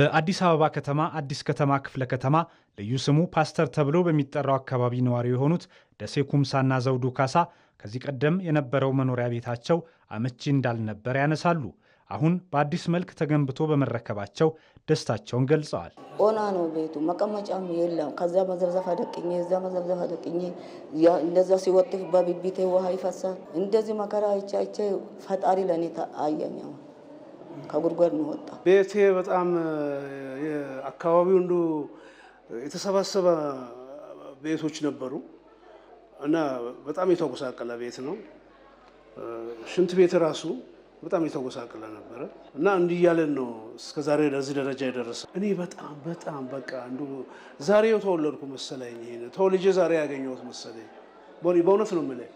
በአዲስ አበባ ከተማ አዲስ ከተማ ክፍለ ከተማ ልዩ ስሙ ፓስተር ተብሎ በሚጠራው አካባቢ ነዋሪ የሆኑት ደሴ ኩምሳና ዘውዱ ካሳ ከዚህ ቀደም የነበረው መኖሪያ ቤታቸው አመቺ እንዳልነበር ያነሳሉ። አሁን በአዲስ መልክ ተገንብቶ በመረከባቸው ደስታቸውን ገልጸዋል። ኦና ነው ቤቱ፣ መቀመጫም የለም። ከዚያ መዘብዘፍ አደቅኝ፣ እዚያ መዘብዘፍ አደቅኝ፣ እንደዛ ሲወጥፍ በቢቢቴ ውሃ ይፈሳል። እንደዚህ መከራ አይቼ አይቼ ፈጣሪ ለእኔ አየኛው ከጉድጓድ ነው ወጣ። ቤቴ በጣም አካባቢው እንዱ የተሰባሰበ ቤቶች ነበሩ እና በጣም የተጎሳቀለ ቤት ነው። ሽንት ቤት ራሱ በጣም የተጎሳቀለ ነበረ እና እንዲህ እያለን ነው እስከዛሬ ለዚህ ደረጃ የደረሰ። እኔ በጣም በጣም በቃ እንዱ ዛሬው ተወለድኩ መሰለኝ፣ ተወልጄ ዛሬ ያገኘሁት መሰለኝ። በእውነት ነው የምልህ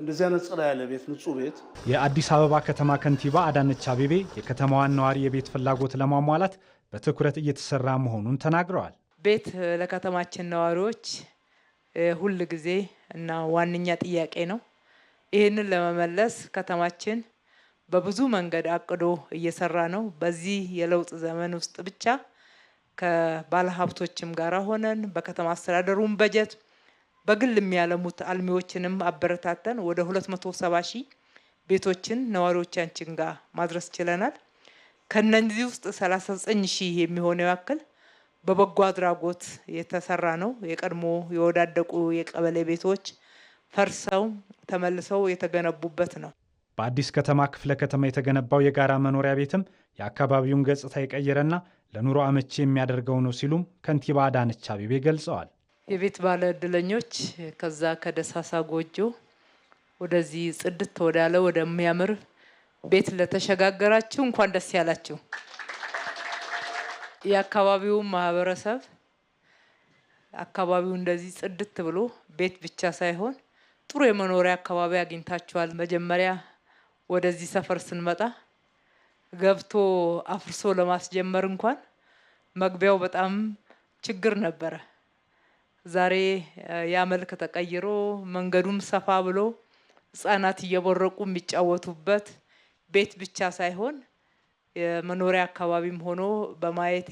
እንደዚህ አይነት ጽዳ ያለ ቤት ንጹህ ቤት። የአዲስ አበባ ከተማ ከንቲባ አዳነች አቤቤ የከተማዋን ነዋሪ የቤት ፍላጎት ለማሟላት በትኩረት እየተሰራ መሆኑን ተናግረዋል። ቤት ለከተማችን ነዋሪዎች ሁል ጊዜ እና ዋነኛ ጥያቄ ነው። ይህንን ለመመለስ ከተማችን በብዙ መንገድ አቅዶ እየሰራ ነው። በዚህ የለውጥ ዘመን ውስጥ ብቻ ከባለሀብቶችም ጋር ሆነን በከተማ አስተዳደሩን በጀት በግል የሚያለሙት አልሚዎችንም አበረታተን ወደ ሁለት መቶ ሺህ ቤቶችን ነዋሪዎቻችን ጋር ማድረስ ችለናል። ከነዚህ ውስጥ 39 ሺህ የሚሆነው ያክል በበጎ አድራጎት የተሰራ ነው። የቀድሞ የወዳደቁ የቀበሌ ቤቶች ፈርሰው ተመልሰው የተገነቡበት ነው። በአዲስ ከተማ ክፍለ ከተማ የተገነባው የጋራ መኖሪያ ቤትም የአካባቢውን ገጽታ የቀየረና ለኑሮ አመቺ የሚያደርገው ነው ሲሉም ከንቲባ አዳነች አቤቤ ገልጸዋል። የቤት ባለ እድለኞች ከዛ ከደሳሳ ጎጆ ወደዚህ ጽድት ወዳለ ወደሚያምር ቤት ለተሸጋገራችሁ እንኳን ደስ ያላችሁ። የአካባቢውን ማህበረሰብ አካባቢው እንደዚህ ጽድት ብሎ ቤት ብቻ ሳይሆን ጥሩ የመኖሪያ አካባቢ አግኝታችኋል። መጀመሪያ ወደዚህ ሰፈር ስንመጣ ገብቶ አፍርሶ ለማስጀመር እንኳን መግቢያው በጣም ችግር ነበረ። ዛሬ ያ መልክ ተቀይሮ መንገዱም ሰፋ ብሎ ህጻናት እየቦረቁ የሚጫወቱበት ቤት ብቻ ሳይሆን የመኖሪያ አካባቢም ሆኖ በማየቴ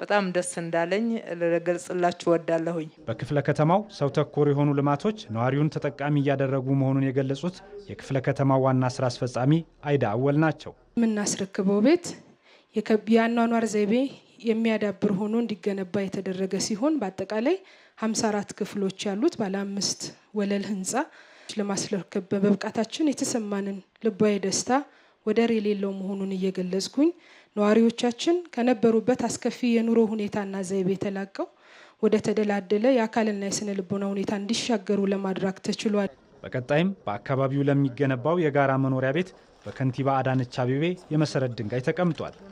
በጣም ደስ እንዳለኝ ልገልጽላችሁ ወዳለሁኝ። በክፍለ ከተማው ሰው ተኮር የሆኑ ልማቶች ነዋሪውን ተጠቃሚ እያደረጉ መሆኑን የገለጹት የክፍለ ከተማው ዋና ስራ አስፈጻሚ አይዳ አወል ናቸው። የምናስረክበው ቤት የአኗኗር ዘይቤ የሚያዳብር ሆኖ እንዲገነባ የተደረገ ሲሆን በአጠቃላይ 54 ክፍሎች ያሉት ባለ አምስት ወለል ህንፃ ለማስረከብ በመብቃታችን የተሰማንን ልባዊ ደስታ ወደር የሌለው መሆኑን እየገለጽኩኝ ነዋሪዎቻችን ከነበሩበት አስከፊ የኑሮ ሁኔታና ዘይቤ ተላቀው ወደ ተደላደለ የአካልና የስነ ልቦና ሁኔታ እንዲሻገሩ ለማድረግ ተችሏል። በቀጣይም በአካባቢው ለሚገነባው የጋራ መኖሪያ ቤት በከንቲባ አዳነች አቤቤ የመሰረት ድንጋይ ተቀምጧል።